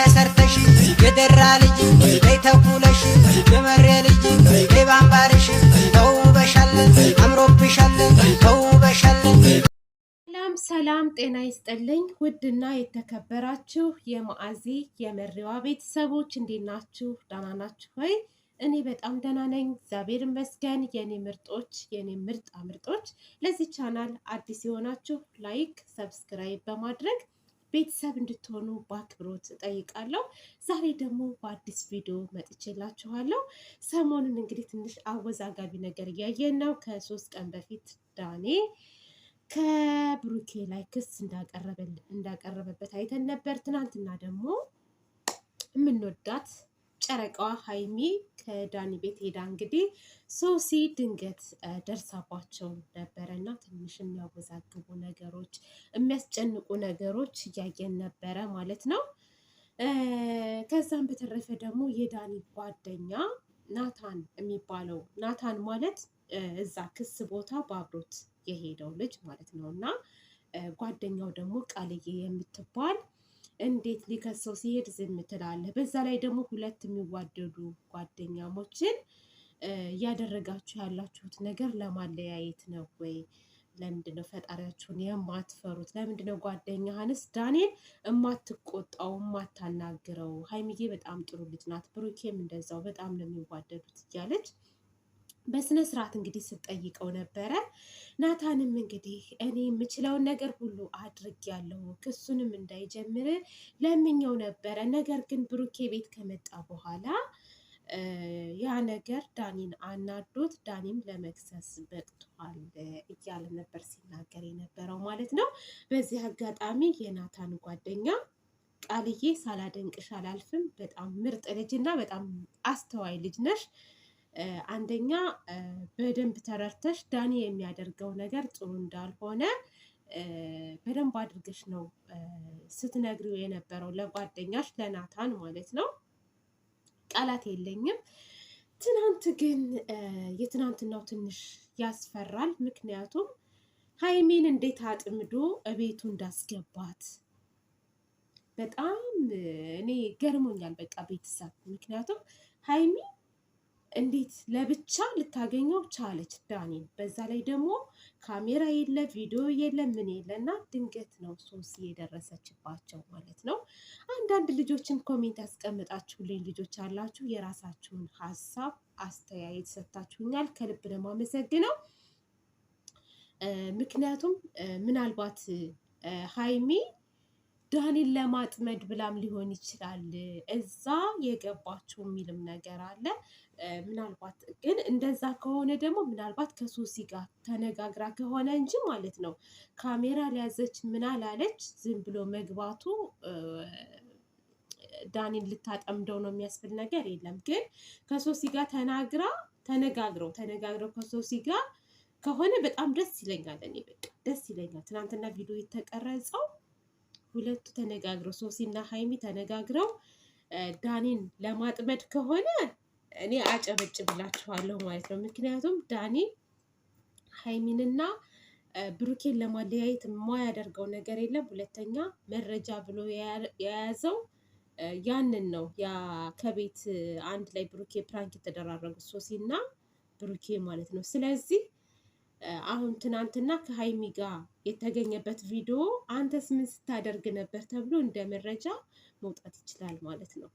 ተሰርተሽ የደራ ልጅ በይ የመሬ ልጅ በይ ባምባርሽ ተውበሻለን አምሮብሻለን ሰላም ሰላም፣ ጤና ይስጥልኝ ውድና የተከበራችሁ የማዓዚ የመሪዋ ቤተሰቦች እንዴት ናችሁ? ደህና ናችሁ ወይ? እኔ በጣም ደህና ነኝ፣ እግዚአብሔር ይመስገን። የኔ ምርጦች የኔ ምርጣ ምርጦች፣ ለዚህ ቻናል አዲስ የሆናችሁ ላይክ፣ ሰብስክራይብ በማድረግ ቤተሰብ እንድትሆኑ በአክብሮት እጠይቃለሁ። ዛሬ ደግሞ በአዲስ ቪዲዮ መጥቼላችኋለሁ። ሰሞኑን እንግዲህ ትንሽ አወዛጋቢ ነገር እያየን ነው። ከሶስት ቀን በፊት ዳኔ ከብሩኬ ላይ ክስ እንዳቀረበበት አይተን ነበር። ትናንትና ደግሞ የምንወዳት ጨረቃዋ ሀይሚ ከዳኒ ቤት ሄዳ እንግዲህ ሶሲ ድንገት ደርሳባቸው ነበረ እና ትንሽ የሚያወዛግቡ ነገሮች፣ የሚያስጨንቁ ነገሮች እያየን ነበረ ማለት ነው። ከዛም በተረፈ ደግሞ የዳኒ ጓደኛ ናታን የሚባለው ናታን ማለት እዛ ክስ ቦታ በአብሮት የሄደው ልጅ ማለት ነው እና ጓደኛው ደግሞ ቃልዬ የምትባል እንዴት ሊከሰው ሲሄድ ዝም ትላለህ? በዛ ላይ ደግሞ ሁለት የሚዋደዱ ጓደኛሞችን እያደረጋችሁ ያላችሁት ነገር ለማለያየት ነው ወይ? ለምንድን ነው ፈጣሪያችሁን የማትፈሩት? ለምንድን ነው ጓደኛህንስ ዳንኤል እማትቆጣው እማታናግረው? ሀይሚዬ በጣም ጥሩ ልጅ ናት፣ ብሩኬም እንደዛው በጣም ነው የሚዋደዱት እያለች በስነ ስርዓት እንግዲህ ስጠይቀው ነበረ። ናታንም እንግዲህ እኔ የምችለውን ነገር ሁሉ አድርጌያለሁ፣ ክሱንም እንዳይጀምር ለምኘው ነበረ። ነገር ግን ብሩኬ ቤት ከመጣ በኋላ ያ ነገር ዳኒን አናዶት ዳኒም ለመክሰስ በቅቷል እያለ ነበር ሲናገር የነበረው ማለት ነው። በዚህ አጋጣሚ የናታን ጓደኛ ቃልዬ ሳላደንቅሽ አላልፍም፣ በጣም ምርጥ ልጅ እና በጣም አስተዋይ ልጅ ነሽ አንደኛ በደንብ ተረድተሽ ዳኒ የሚያደርገው ነገር ጥሩ እንዳልሆነ በደንብ አድርገሽ ነው ስትነግሪው የነበረው ለጓደኛሽ ለናታን ማለት ነው። ቃላት የለኝም። ትናንት ግን የትናንትናው ትንሽ ያስፈራል። ምክንያቱም ሀይሜን እንዴት አጥምዶ እቤቱ እንዳስገባት በጣም እኔ ገርሞኛል። በቃ ቤተሰብ ምክንያቱም ሀይሚ እንዴት ለብቻ ልታገኘው ቻለች ዳኒን? በዛ ላይ ደግሞ ካሜራ የለ ቪዲዮ የለ ምን የለ እና ድንገት ነው ሶስ የደረሰችባቸው ማለት ነው። አንዳንድ ልጆችን ኮሜንት ያስቀምጣችሁልኝ ልጆች አላችሁ። የራሳችሁን ሀሳብ አስተያየት ሰጥታችሁኛል። ከልብ ደግሞ አመሰግነው። ምክንያቱም ምናልባት ሀይሜ። ዳኒን ለማጥመድ ብላም ሊሆን ይችላል እዛ የገባችው የሚልም ነገር አለ። ምናልባት ግን እንደዛ ከሆነ ደግሞ ምናልባት ከሶሲ ጋር ተነጋግራ ከሆነ እንጂ ማለት ነው ካሜራ ሊያዘች ምናላለች ዝም ብሎ መግባቱ ዳኒን ልታጠምደው ነው የሚያስብል ነገር የለም። ግን ከሶሲ ጋር ተናግራ ተነጋግረው ተነጋግረው ከሶሲ ጋር ከሆነ በጣም ደስ ይለኛል። እኔ በቃ ደስ ይለኛል። ትናንትና ቪዲዮ የተቀረጸው ሁለቱ ተነጋግረው ሶሲና ሀይሚ ተነጋግረው ዳኒን ለማጥመድ ከሆነ እኔ አጨበጭብላችኋለሁ ማለት ነው። ምክንያቱም ዳኒ ሀይሚንና ብሩኬን ለማለያየት የማያደርገው ነገር የለም። ሁለተኛ መረጃ ብሎ የያዘው ያንን ነው። ያ ከቤት አንድ ላይ ብሩኬ ፕራንክ የተደራረጉት ሶሲና ብሩኬ ማለት ነው። ስለዚህ አሁን ትናንትና ከሀይሚ ጋር የተገኘበት ቪዲዮ አንተስ ምን ስታደርግ ነበር ተብሎ እንደ መረጃ መውጣት ይችላል ማለት ነው።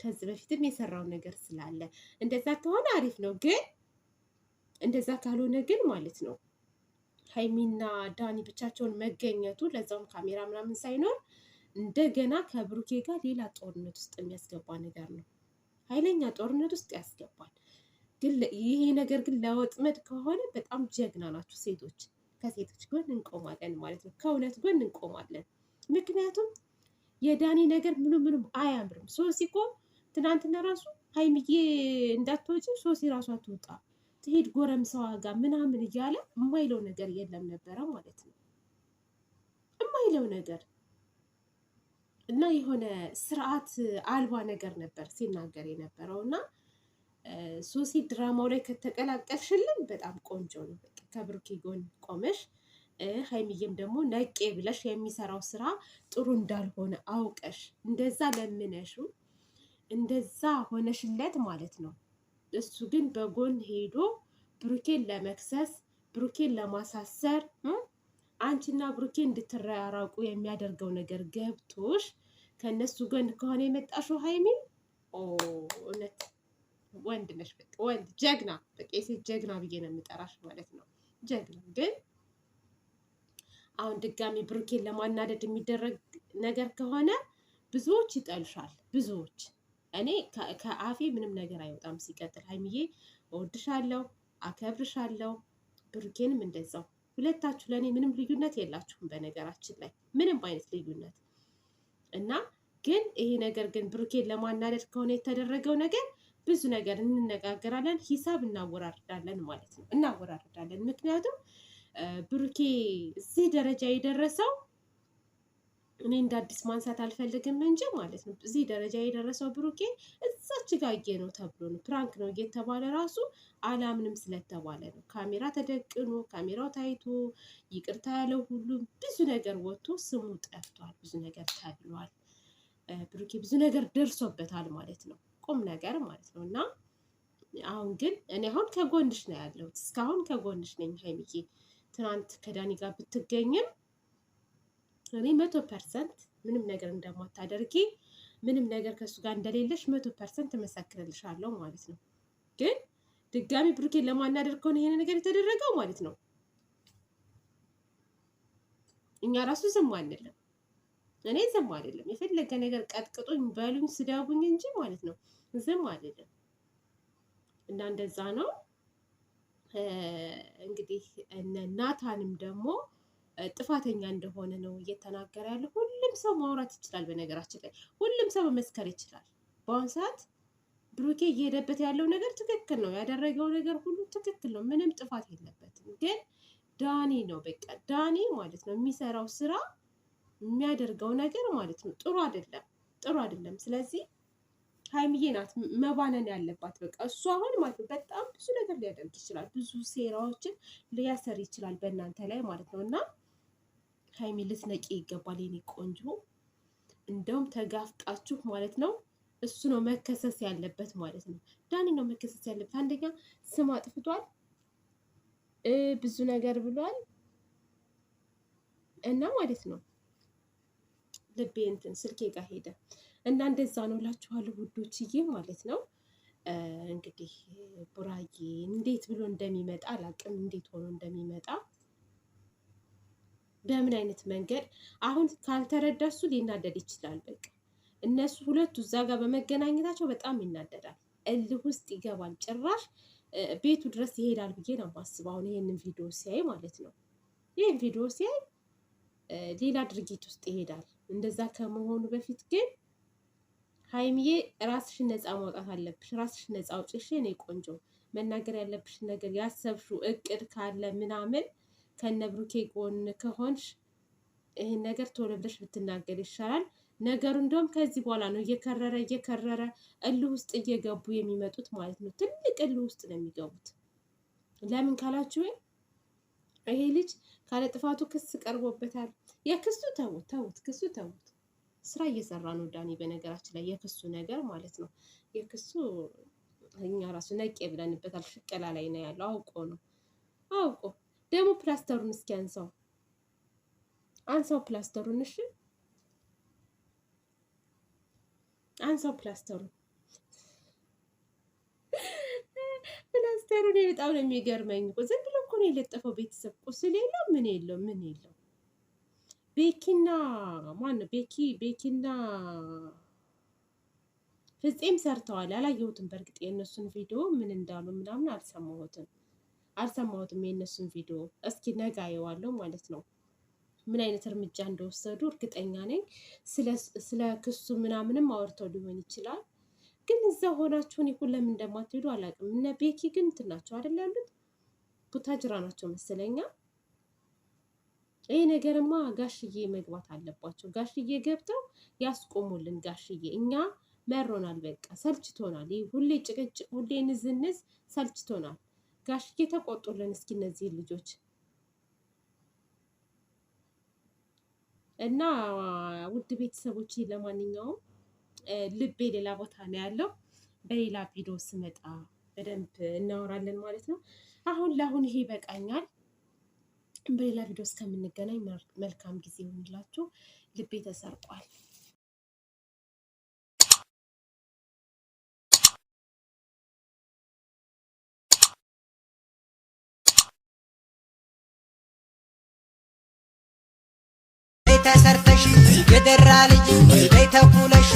ከዚህ በፊትም የሰራው ነገር ስላለ እንደዛ ከሆነ አሪፍ ነው። ግን እንደዛ ካልሆነ ግን ማለት ነው ሀይሚና ዳኒ ብቻቸውን መገኘቱ ለዛውም ካሜራ ምናምን ሳይኖር እንደገና ከብሩኬ ጋር ሌላ ጦርነት ውስጥ የሚያስገባ ነገር ነው። ኃይለኛ ጦርነት ውስጥ ያስገባል። ግን ይሄ ነገር ግን ለወጥመድ ከሆነ በጣም ጀግና ናችሁ ሴቶች። ከሴቶች ጎን እንቆማለን ማለት ነው። ከእውነት ጎን እንቆማለን። ምክንያቱም የዳኒ ነገር ምኑ ምኑም አያምርም። ሶሲ እኮ ትናንትና ራሱ ሀይምዬ እንዳትወጪ ሶሲ ራሷ ትውጣ ትሄድ ጎረምሳዋ ጋር ምናምን እያለ የማይለው ነገር የለም ነበረ ማለት ነው። የማይለው ነገር እና የሆነ ስርዓት አልባ ነገር ነበር ሲናገር የነበረው እና ሶሲ ድራማው ላይ ከተቀላቀልሽልን በጣም ቆንጆ ነው። ከብሩኬ ጎን ቆመሽ ሀይሚዬም ደግሞ ነቄ ብለሽ የሚሰራው ስራ ጥሩ እንዳልሆነ አውቀሽ እንደዛ ለምነሹ እንደዛ ሆነሽለት ማለት ነው። እሱ ግን በጎን ሄዶ ብሩኬን ለመክሰስ ብሩኬን ለማሳሰር አንቺና ብሩኬ እንድትራራቁ የሚያደርገው ነገር ገብቶሽ ከእነሱ ጎን ከሆነ የመጣሽው ሀይሚ እውነት ወንድ ነሽ፣ በቃ ወንድ ጀግና፣ በቃ የሴት ጀግና ብዬ ነው የምጠራሽ ማለት ነው። ጀግና ግን አሁን ድጋሚ ብሩኬን ለማናደድ የሚደረግ ነገር ከሆነ ብዙዎች ይጠልሻል። ብዙዎች እኔ ከአፌ ምንም ነገር አይወጣም። ሲቀጥል ሀይሚዬ እወድሻለሁ፣ አከብርሻለሁ፣ ብሩኬንም እንደዛው። ሁለታችሁ ለእኔ ምንም ልዩነት የላችሁም፣ በነገራችን ላይ ምንም አይነት ልዩነት እና ግን ይሄ ነገር ግን ብሩኬን ለማናደድ ከሆነ የተደረገው ነገር ብዙ ነገር እንነጋገራለን፣ ሂሳብ እናወራርዳለን ማለት ነው። እናወራርዳለን ምክንያቱም ብሩኬ እዚህ ደረጃ የደረሰው እኔ እንደ አዲስ ማንሳት አልፈልግም እንጂ ማለት ነው እዚህ ደረጃ የደረሰው ብሩኬ እዛች ጋጌ ነው ተብሎ ነው ፕራንክ ነው እየተባለ ራሱ አላምንም ስለተባለ ነው። ካሜራ ተደቅኖ ካሜራው ታይቶ ይቅርታ ያለው ሁሉም ብዙ ነገር ወጥቶ ስሙ ጠፍቷል፣ ብዙ ነገር ተብሏል። ብሩኬ ብዙ ነገር ደርሶበታል ማለት ነው። ቁም ነገር ማለት ነው እና አሁን ግን እኔ አሁን ከጎንሽ ነው ያለሁት። እስካሁን ከጎንሽ ነኝ ሀይሚዬ። ትናንት ከዳኒ ጋር ብትገኝም እኔ መቶ ፐርሰንት ምንም ነገር እንደማታደርጊ ምንም ነገር ከእሱ ጋር እንደሌለሽ መቶ ፐርሰንት እመሰክርልሻለሁ ማለት ነው። ግን ድጋሚ ብሩኬን ለማናደር ከሆነ ይሄን ነገር የተደረገው ማለት ነው እኛ ራሱ ዝም አንልም። እኔ ዝም አልልም። የፈለገ ነገር ቀጥቅጡኝ በሉኝ፣ ስደቡኝ እንጂ ማለት ነው ዝም አልልም እና እንደዛ ነው እንግዲህ እነ ናታንም ደግሞ ጥፋተኛ እንደሆነ ነው እየተናገረ ያለ። ሁሉም ሰው ማውራት ይችላል። በነገራችን ላይ ሁሉም ሰው መመስከር ይችላል። በአሁኑ ሰዓት ብሩኬ እየሄደበት ያለው ነገር ትክክል ነው። ያደረገው ነገር ሁሉ ትክክል ነው። ምንም ጥፋት የለበትም። ግን ዳኒ ነው በቃ ዳኒ ማለት ነው የሚሰራው ስራ የሚያደርገው ነገር ማለት ነው ጥሩ አይደለም፣ ጥሩ አይደለም። ስለዚህ ሀይሚዬ ናት መባነን ያለባት። በቃ እሱ አሁን ማለት ነው በጣም ብዙ ነገር ሊያደርግ ይችላል፣ ብዙ ሴራዎችን ሊያሰር ይችላል በእናንተ ላይ ማለት ነው። እና ሀይሚ ልትነቂ ይገባል የኔ ቆንጆ። እንደውም ተጋፍጣችሁ ማለት ነው እሱ ነው መከሰስ ያለበት ማለት ነው። ዳኒ ነው መከሰስ ያለበት። አንደኛ ስም አጥፍቷል፣ ብዙ ነገር ብሏል እና ማለት ነው ልቤ እንትን ስልኬ ጋር ሄደ እና እንደዛ ነው ላችኋለሁ ውዶችዬ ማለት ነው። እንግዲህ ቡራዬ እንዴት ብሎ እንደሚመጣ አላቅም፣ እንዴት ሆኖ እንደሚመጣ በምን አይነት መንገድ አሁን ካልተረዳሱ ሊናደድ ይችላል። በቃ እነሱ ሁለቱ እዛ ጋር በመገናኘታቸው በጣም ይናደዳል፣ እልህ ውስጥ ይገባል። ጭራሽ ቤቱ ድረስ ይሄዳል ብዬ ነው የማስበው። አሁን ይህንን ቪዲዮ ሲያይ ማለት ነው ይህን ቪዲዮ ሲያይ ሌላ ድርጊት ውስጥ ይሄዳል። እንደዛ ከመሆኑ በፊት ግን ሀይሚዬ ራስሽን ነፃ ማውጣት አለብሽ። ራስሽን ነፃ አውጪሽ የኔ ቆንጆ። መናገር ያለብሽ ነገር ያሰብሽው እቅድ ካለ ምናምን ከነ ብሩኬ ጎን ከሆንሽ ይህን ነገር ቶሎ ብለሽ ብትናገር ይሻላል። ነገሩ እንደውም ከዚህ በኋላ ነው እየከረረ እየከረረ እልህ ውስጥ እየገቡ የሚመጡት ማለት ነው። ትልቅ እልህ ውስጥ ነው የሚገቡት። ለምን ካላችሁ ይሄ ልጅ ካለ ጥፋቱ ክስ ቀርቦበታል። የክሱ ተውት ተውት፣ ክሱ ተውት ስራ እየሰራ ነው ዳኒ። በነገራችን ላይ የክሱ ነገር ማለት ነው የክሱ እኛ ራሱ ነቄ ብለንበታል። ሽቀላ ላይ ነው ያለው። አውቆ ነው አውቆ ደግሞ ፕላስተሩን እስኪ አንሳው አንሳው ፕላስተሩን፣ እሺ አንሳው ፕላስተሩን ፕላስተሩን በጣም ነው የሚገርመኝ። ዝም ብሎ እኮ ነው የለጠፈው። ቤተሰብ ቁስል የለው ምን የለው ምን የለው ቤኪና ማነው ቤኪ ቤኪና ፍፄም ሰርተዋል። አላየሁትም። በእርግጥ የእነሱን ቪዲዮ ምን እንዳሉ ምናምን አልሰማሁትም አልሰማሁትም የእነሱን ቪዲዮ። እስኪ ነገ አየዋለሁ ማለት ነው ምን አይነት እርምጃ እንደወሰዱ እርግጠኛ ነኝ። ስለ ክሱ ምናምንም አውርተው ሊሆን ይችላል። ግን እዛ ሆናችሁ እኔ እኮ ለምን እንደማትሄዱ አላውቅም። እነ ቤኪ ግን እንትን ናቸው አይደል ያሉት ቡታጅራ ናቸው መሰለኛ ይህ ነገርማ ጋሽዬ መግባት አለባቸው። ጋሽዬ ገብተው ያስቆሙልን። ጋሽዬ እኛ መሮናል፣ በቃ ሰልችቶናል። ይህ ሁሌ ጭቅጭቅ፣ ሁሌ ንዝንዝ ሰልችቶናል። ጋሽዬ ተቆጡልን። እስኪ እነዚህን ልጆች እና ውድ ቤተሰቦች ለማንኛውም ልቤ ሌላ ቦታ ነው ያለው። በሌላ ቪዲዮ ስመጣ በደንብ እናወራለን ማለት ነው። አሁን ለአሁን ይሄ ይበቃኛል። በሌላ ቪዲዮ እስከምንገናኝ መልካም ጊዜ ይሁንላችሁ። ልቤ ተሰርቋል። ተሰርተሽ የደራ ልጅ ቤተኩለሽ